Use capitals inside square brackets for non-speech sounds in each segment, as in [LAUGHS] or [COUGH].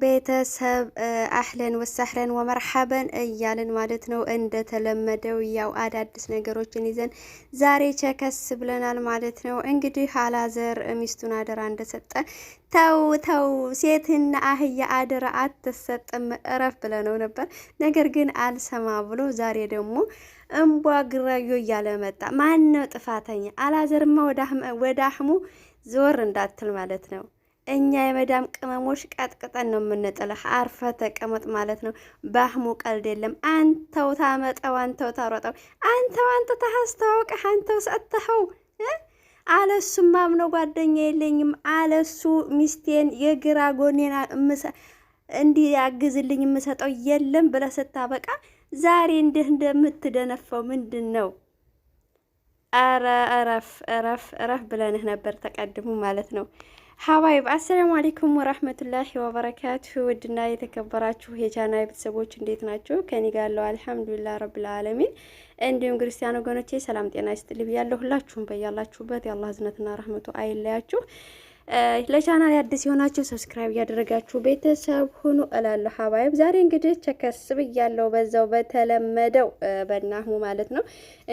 ቤተሰብ አህለን ወሳህለን ወመርሐበን እያልን ማለት ነው። እንደተለመደው ያው አዳዲስ ነገሮችን ይዘን ዛሬ ቸከስ ብለናል ማለት ነው። እንግዲህ አላዘር ሚስቱን አደራ እንደሰጠ ተው ተው ሴትና አህያ አደራ አትሰጥም እረፍ ብለነው ነበር። ነገር ግን አልሰማ ብሎ ዛሬ ደግሞ እምቧ ግራዮ እያለ መጣ። ማን ነው ጥፋተኛ? አላዘርማ ወደ አህሙ ዞር እንዳትል ማለት ነው እኛ የመዳም ቅመሞች ቀጥቅጠን ነው የምንጥልህ። አርፈ ተቀመጥ ማለት ነው። ባህሙ ቀልድ የለም። አንተው ታመጠው፣ አንተው ታሮጠው፣ አንተው አንተ አስተዋውቀህ፣ አንተው ሰጥተኸው። አለሱ ማምኖ ጓደኛ የለኝም፣ አለሱ ሚስቴን የግራ ጎኔን እንዲያግዝልኝ የምሰጠው የለም ብለህ ስታበቃ ዛሬ እንዲህ እንደምትደነፈው ምንድን ነው? አረ እረፍ እረፍ እረፍ ብለንህ ነበር ተቀድሞ ማለት ነው። ሀባይብ አሰላሙ አሌይኩም ወራህመቱላሂ ወበረካቱሁ። ውድና የተከበራችሁ የቻና ቤተሰቦች እንዴት ናችሁ? ከኔ ጋር ያለው አልሐምዱሊላህ ረብልአለሚን። እንዲሁም ክርስቲያን ወገኖቼ ሰላም ጤና ይስጥልኝ ብያለሁ። ሁላችሁም በያላችሁበት የአላህ እዝነትና ረህመቱ አይለያችሁ። ለቻናል አዲስ የሆናችሁ ሰብስክራይብ እያደረጋችሁ ቤተሰብ ሁኑ እላለሁ። ሀባይብ ዛሬ እንግዲህ ቸከስ ብያለሁ፣ በዛው በተለመደው በእነ ማለት ነው።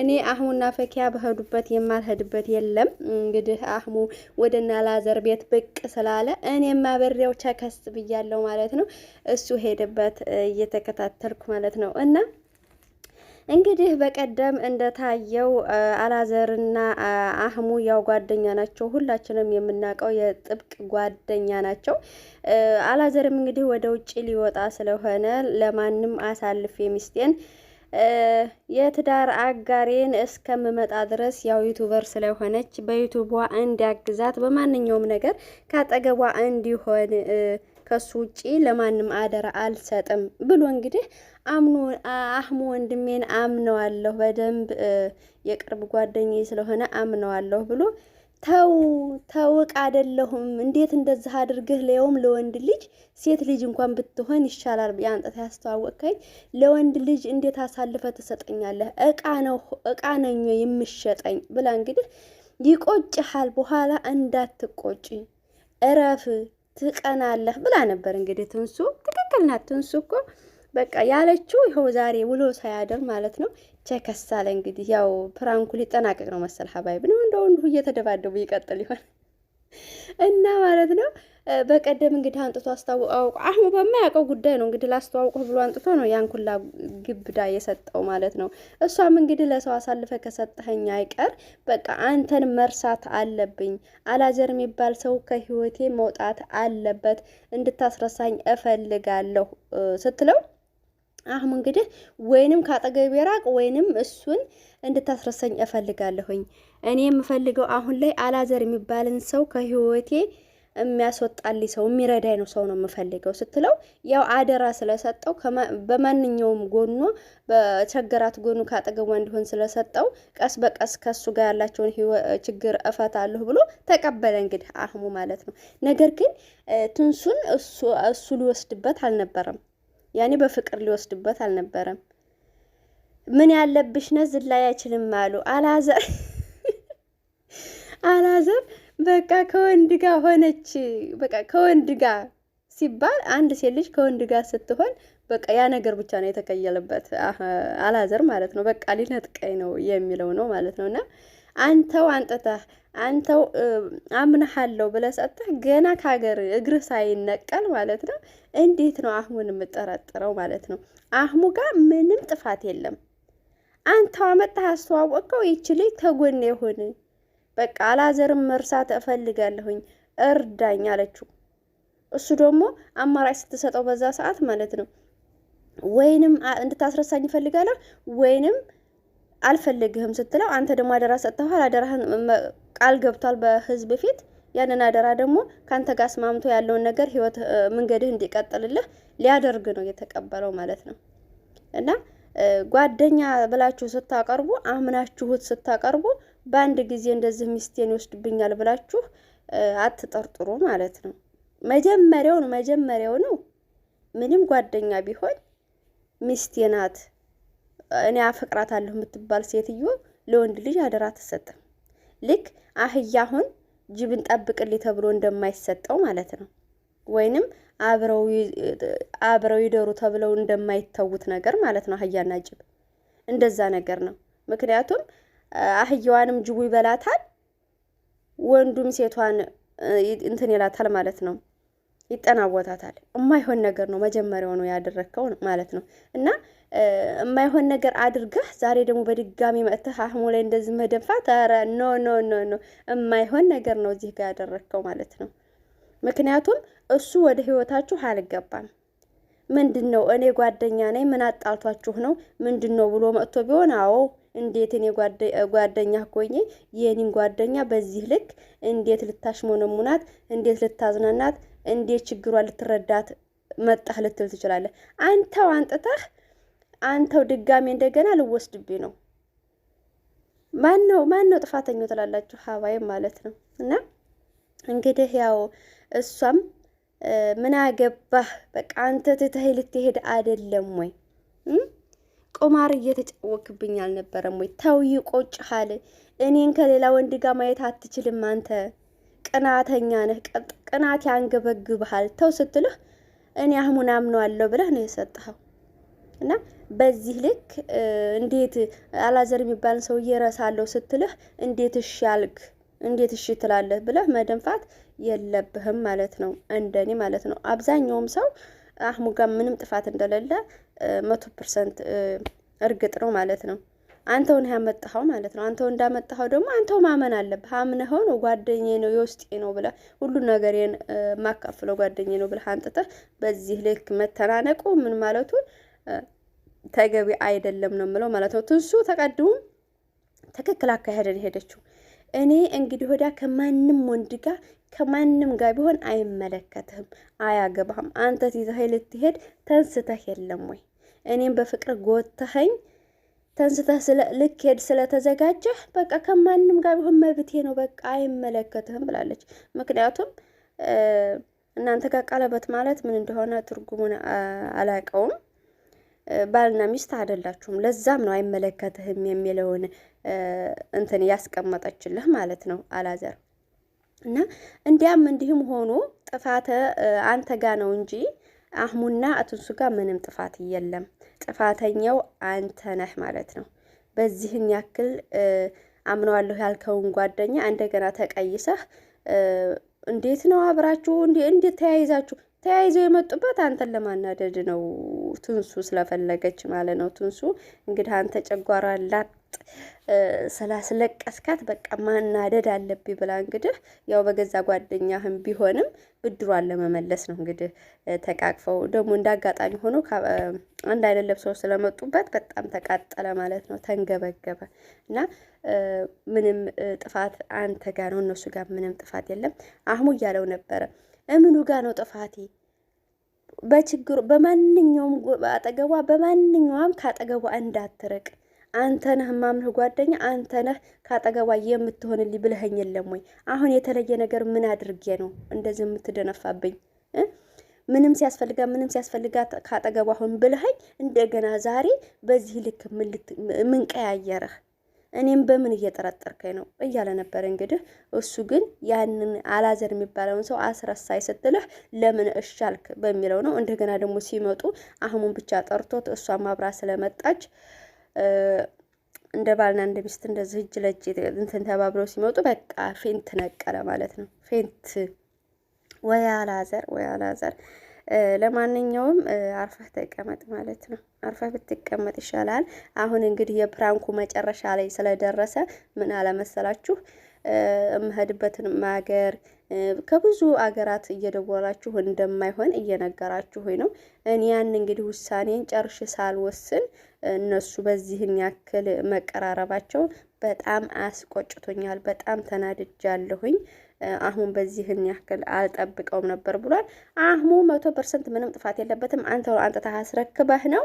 እኔ አህሙና ፈኪያ በሄዱበት የማልሄድበት የለም። እንግዲህ አህሙ ወደ ናላዘር ቤት ብቅ ስላለ እኔ አብሬው ቸከስ ብያለሁ ማለት ነው። እሱ ሄደበት እየተከታተልኩ ማለት ነው እና እንግዲህ በቀደም እንደታየው አላዘርና አህሙ ያው ጓደኛ ናቸው፣ ሁላችንም የምናውቀው የጥብቅ ጓደኛ ናቸው። አላዘርም እንግዲህ ወደ ውጭ ሊወጣ ስለሆነ ለማንም አሳልፌ ሚስቴን የትዳር አጋሬን እስከምመጣ ድረስ ያው ዩቱበር ስለሆነች በዩቱቧ እንዲያግዛት በማንኛውም ነገር ካጠገቧ እንዲሆን ከሱ ውጪ ለማንም አደራ አልሰጥም ብሎ እንግዲህ አምኖ አህሙ ወንድሜን አምነዋለሁ፣ በደንብ የቅርብ ጓደኛዬ ስለሆነ አምነዋለሁ ብሎ ተው ተውቅ አይደለሁም። እንዴት እንደዚህ አድርግህ ለየውም ለወንድ ልጅ ሴት ልጅ እንኳን ብትሆን ይሻላል። ያንጠት ያስተዋወቅከኝ ለወንድ ልጅ እንዴት አሳልፈ ትሰጠኛለህ? እቃ ነው እቃ ነኝ የምሸጠኝ ብላ እንግዲህ ይቆጭሃል። በኋላ እንዳትቆጭ እረፍ ትቀናለህ ብላ ነበር። እንግዲህ ትንሱ ትክክል ናት። ትንሱ እኮ በቃ ያለችው ይኸው ዛሬ ውሎ ሳያደር ማለት ነው። ቸከሳለ እንግዲህ ያው ፕራንኩ ሊጠናቀቅ ነው መሰል ሀባይ ብንም እንደ ወንዱ እየተደባደቡ ይቀጥል ይሆን? እና ማለት ነው በቀደም እንግዲህ አንጥቶ አስታውቀው አህሙ በማያውቀው ጉዳይ ነው እንግዲህ ላስተዋውቆ ብሎ አንጥቶ ነው ያን ኩላ ግብዳ የሰጠው ማለት ነው። እሷም እንግዲህ ለሰው አሳልፈ ከሰጠኸኝ አይቀር በቃ አንተን መርሳት አለብኝ። አላዘር የሚባል ሰው ከህይወቴ መውጣት አለበት፣ እንድታስረሳኝ እፈልጋለሁ ስትለው አሁን እንግዲህ ወይንም ከአጠገቤ ራቅ ወይንም እሱን እንድታስረሰኝ እፈልጋለሁኝ። እኔ የምፈልገው አሁን ላይ አላዘር የሚባልን ሰው ከህይወቴ የሚያስወጣልኝ ሰው የሚረዳኝ ነው ሰው ነው የምፈልገው ስትለው ያው አደራ ስለሰጠው በማንኛውም ጎኗ በቸገራት ጎኑ ከአጠገቧ እንዲሆን ስለሰጠው ቀስ በቀስ ከሱ ጋር ያላቸውን ችግር እፈታለሁ ብሎ ተቀበለ። እንግዲህ አህሙ ማለት ነው። ነገር ግን ትንሱን እሱ ሊወስድበት አልነበረም ያኔ በፍቅር ሊወስድበት አልነበረም። ምን ያለብሽ ነ ዝላይ አይችልም አሉ አላዘር [LAUGHS] አላዘር በቃ ከወንድ ጋር ሆነች። በቃ ከወንድ ጋር ሲባል አንድ ሴት ልጅ ከወንድ ጋር ስትሆን በቃ ያ ነገር ብቻ ነው የተከየለበት አላዘር ማለት ነው። በቃ ሊነጥቀኝ ነው የሚለው ነው ማለት ነው እና አንተው አንጥተህ አንተው አምናሃለሁ ብለህ ሰጥተህ ገና ከሀገር እግር ሳይነቀል ማለት ነው። እንዴት ነው አህሙን የምጠረጥረው ማለት ነው? አህሙ ጋር ምንም ጥፋት የለም። አንተው አመጣህ አስተዋወቀው። ይች ልጅ ተጎኔ የሆነ በቃ አላዘርም መርሳት እፈልጋለሁኝ እርዳኝ አለችው። እሱ ደግሞ አማራጭ ስትሰጠው በዛ ሰዓት ማለት ነው ወይንም እንድታስረሳኝ እፈልጋለሁ ወይንም አልፈልግህም ስትለው አንተ ደግሞ አደራ ሰጥተኋል፣ አደራህን ቃል ገብቷል በህዝብ ፊት። ያንን አደራ ደግሞ ከአንተ ጋር አስማምቶ ያለውን ነገር ህይወት መንገድህ እንዲቀጥልልህ ሊያደርግ ነው የተቀበለው ማለት ነው እና ጓደኛ ብላችሁ ስታቀርቡ አምናችሁት ስታቀርቡ በአንድ ጊዜ እንደዚህ ሚስቴን ይወስድብኛል ብላችሁ አትጠርጥሩ ማለት ነው። መጀመሪያውን ነው መጀመሪያው ነው ምንም ጓደኛ ቢሆን ሚስቴ ናት እኔ አፈቅራታለሁ የምትባል ሴትዮ ለወንድ ልጅ አደራ አትሰጥም። ልክ አህያ አሁን ጅብን ጠብቅልኝ ተብሎ እንደማይሰጠው ማለት ነው። ወይንም አብረው ይደሩ ተብለው እንደማይተዉት ነገር ማለት ነው። አህያና ጅብ እንደዛ ነገር ነው። ምክንያቱም አህያዋንም ጅቡ ይበላታል፣ ወንዱም ሴቷን እንትን ይላታል ማለት ነው። ይጠናወታታል። እማይሆን ነገር ነው መጀመሪያው ነው ያደረግከው ማለት ነው እና የማይሆን ነገር አድርገህ ዛሬ ደግሞ በድጋሚ መጥተህ አህሙ ላይ እንደዚህ መደንፋት፣ ኧረ ኖ ኖ ኖ ኖ፣ የማይሆን ነገር ነው እዚህ ጋር ያደረግከው ማለት ነው። ምክንያቱም እሱ ወደ ህይወታችሁ አልገባም። ምንድን ነው እኔ ጓደኛ ነኝ፣ ምን አጣልቷችሁ ነው ምንድን ነው ብሎ መጥቶ ቢሆን አዎ እንዴት እኔ ጓደኛ ኮኝ የኔን ጓደኛ በዚህ ልክ እንዴት ልታሽሞነሙናት፣ እንዴት ልታዝናናት፣ እንዴት ችግሯ ልትረዳት መጣህ ልትል ትችላለህ። አንተው አንጥተህ አንተው ድጋሜ እንደገና ልወስድብኝ ነው። ማን ነው ማን ነው ጥፋተኛው ትላላችሁ? ሀባይም ማለት ነው። እና እንግዲህ ያው እሷም ምን አገባህ በቃ አንተ ትተህ ልትሄድ አይደለም ወይ ቁማር እየተጫወክብኝ አልነበረም ወይ? ተው ይቆጭሃል። እኔን ከሌላ ወንድ ጋር ማየት አትችልም። አንተ ቅናተኛ ነህ፣ ቅናት ያንገበግብሃል። ተው ስትልህ እኔ አህሙን አምነዋለሁ ብለህ ነው የሰጠኸው እና በዚህ ልክ እንዴት አላዘር የሚባልን ሰው እየረሳለሁ ስትልህ እንዴት እሺ አልክ እንዴት እሺ ትላለህ ብለህ መደንፋት የለብህም ማለት ነው። እንደኔ ማለት ነው። አብዛኛውም ሰው አህሙ ጋር ምንም ጥፋት እንደሌለ መቶ ፐርሰንት እርግጥ ነው ማለት ነው። አንተውን ያመጣኸው ማለት ነው። አንተው እንዳመጣኸው ደግሞ አንተው ማመን አለብህ። አምነኸው ነው ጓደኛዬ ነው የውስጤ ነው ብለህ ሁሉን ነገሬን ማካፍለው ጓደኛዬ ነው ብለህ አንጥተህ በዚህ ልክ መተናነቁ ምን ማለቱ ተገቢ አይደለም ነው የምለው ማለት ነው። ትንሱ ተቀድሙም ትክክል አካሄደን ሄደችው። እኔ እንግዲህ ወዲያ ከማንም ወንድ ጋር ከማንም ጋር ቢሆን አይመለከትህም፣ አያገባህም። አንተ ትይዘኸኝ ልትሄድ ተንስተህ የለም ወይ እኔም በፍቅር ጎተኸኝ ተንስተህ ልክሄድ ስለተዘጋጀህ በቃ ከማንም ጋር ቢሆን መብቴ ነው፣ በቃ አይመለከትህም ብላለች። ምክንያቱም እናንተ ጋር ቀለበት ማለት ምን እንደሆነ ትርጉሙን አላውቀውም። ባልና ሚስት አይደላችሁም፣ ለዛም ነው አይመለከትህም የሚለውን እንትን ያስቀመጠችልህ ማለት ነው አላዘር እና እንዲያም እንዲህም ሆኖ ጥፋተ አንተ ጋ ነው እንጂ አህሙና እትንሱ ጋር ምንም ጥፋት የለም። ጥፋተኛው አንተ ነህ ማለት ነው። በዚህን ያክል አምነዋለሁ ያልከውን ጓደኛ እንደገና ተቀይሰህ እንዴት ነው አብራችሁ እንዴት ተያይዛችሁ ተያይዘው የመጡበት አንተን ለማናደድ ነው። ትንሱ ስለፈለገች ማለት ነው። ትንሱ እንግዲህ አንተ ጨጓራ ላጥ ስላስለቀስካት በቃ ማናደድ አለብኝ ብላ እንግዲህ ያው በገዛ ጓደኛህም ቢሆንም ብድሯን ለመመለስ ነው እንግዲህ ተቃቅፈው ደግሞ እንደ አጋጣሚ ሆኖ አንድ አይነት ለብሰው ስለመጡበት በጣም ተቃጠለ ማለት ነው። ተንገበገበ እና ምንም ጥፋት አንተ ጋር ነው፣ እነሱ ጋር ምንም ጥፋት የለም። አህሙ እያለው ነበረ እምኑ ጋ ነው ጥፋቴ? በችግሩ በማንኛውም አጠገቧ በማንኛውም ካጠገቧ እንዳትርቅ አንተ ነህ ማምንህ ጓደኛ አንተ ነህ ካጠገቧ የምትሆንልኝ ብለኸኝ የለም ወይ? አሁን የተለየ ነገር ምን አድርጌ ነው እንደዚህ የምትደነፋብኝ? ምንም ሲያስፈልጋ ምንም ሲያስፈልጋ ካጠገቧ አሁን ብለኸኝ እንደገና ዛሬ በዚህ ልክ ምን ቀያየረህ? እኔም በምን እየጠረጠርከኝ ነው እያለ ነበር። እንግዲህ እሱ ግን ያንን አላዘር የሚባለውን ሰው አስረሳይ ስትልህ ለምን እሻልክ በሚለው ነው። እንደገና ደግሞ ሲመጡ አህሙን ብቻ ጠርቶት እሷ ማብራ ስለመጣች እንደ ባልና እንደ ሚስት እንደዚህ እጅ ለእጅ እንትን ተባብለው ሲመጡ በቃ ፌንት ነቀለ ማለት ነው። ፌንት ወይ አላዘር ወይ አላዘር ለማንኛውም አርፈህ ተቀመጥ ማለት ነው። አርፈህ ብትቀመጥ ይሻላል። አሁን እንግዲህ የፕራንኩ መጨረሻ ላይ ስለደረሰ ምን አለመሰላችሁ የምሄድበትን ማገር ከብዙ አገራት እየደወላችሁ እንደማይሆን እየነገራችሁ ነው። እኔ ያን እንግዲህ ውሳኔን ጨርሽ ሳልወስን እነሱ በዚህን ያክል መቀራረባቸው በጣም አስቆጭቶኛል። በጣም ተናድጃለሁኝ። አህሙን በዚህን ያክል አልጠብቀውም ነበር ብሏል። አህሙ መቶ ፐርሰንት ምንም ጥፋት የለበትም። አንተ አንጥተህ አስረክበህ ነው።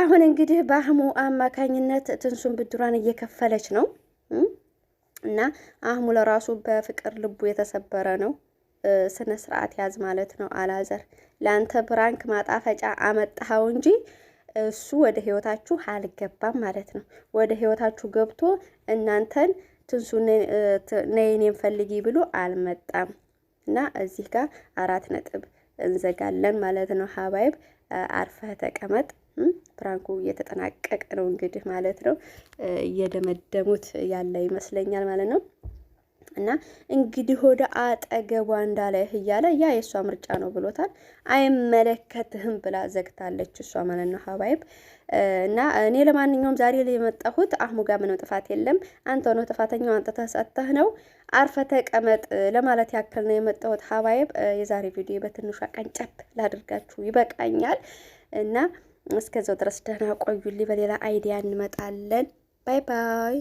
አሁን እንግዲህ በአህሙ አማካኝነት ትንሱን ብድሯን እየከፈለች ነው እና አህሙ ለራሱ በፍቅር ልቡ የተሰበረ ነው። ስነ ስርዓት ያዝ ማለት ነው። አላዘር ለአንተ ብራንክ ማጣፈጫ አመጣኸው እንጂ እሱ ወደ ህይወታችሁ አልገባም ማለት ነው። ወደ ህይወታችሁ ገብቶ እናንተን ትንሱ ነይኔን ፈልጊ ብሎ አልመጣም እና እዚህ ጋር አራት ነጥብ እንዘጋለን ማለት ነው። ሀባይብ አርፈህ ተቀመጥ። ፕራንኩ እየተጠናቀቀ ነው እንግዲህ ማለት ነው። እየደመደሙት ያለ ይመስለኛል ማለት ነው። እና እንግዲህ ወደ አጠገቧ እንዳለ እያለ ያ የእሷ ምርጫ ነው ብሎታል። አይመለከትህም ብላ ዘግታለች እሷ ማለት ነው ሀባይብ እና እኔ ለማንኛውም ዛሬ የመጣሁት አህሙ ጋር ምንም ጥፋት የለም። አንተ ነው ጥፋተኛው፣ አንተ ተሰጥተህ ነው አርፈ ተቀመጥ ለማለት ያክል ነው የመጣሁት ሀባይብ። የዛሬ ቪዲዮ በትንሹ አቀንጨብ ላድርጋችሁ ይበቃኛል እና እስከዛው ድረስ ደህና ቆዩልኝ። በሌላ አይዲያ እንመጣለን። ባይ ባይ።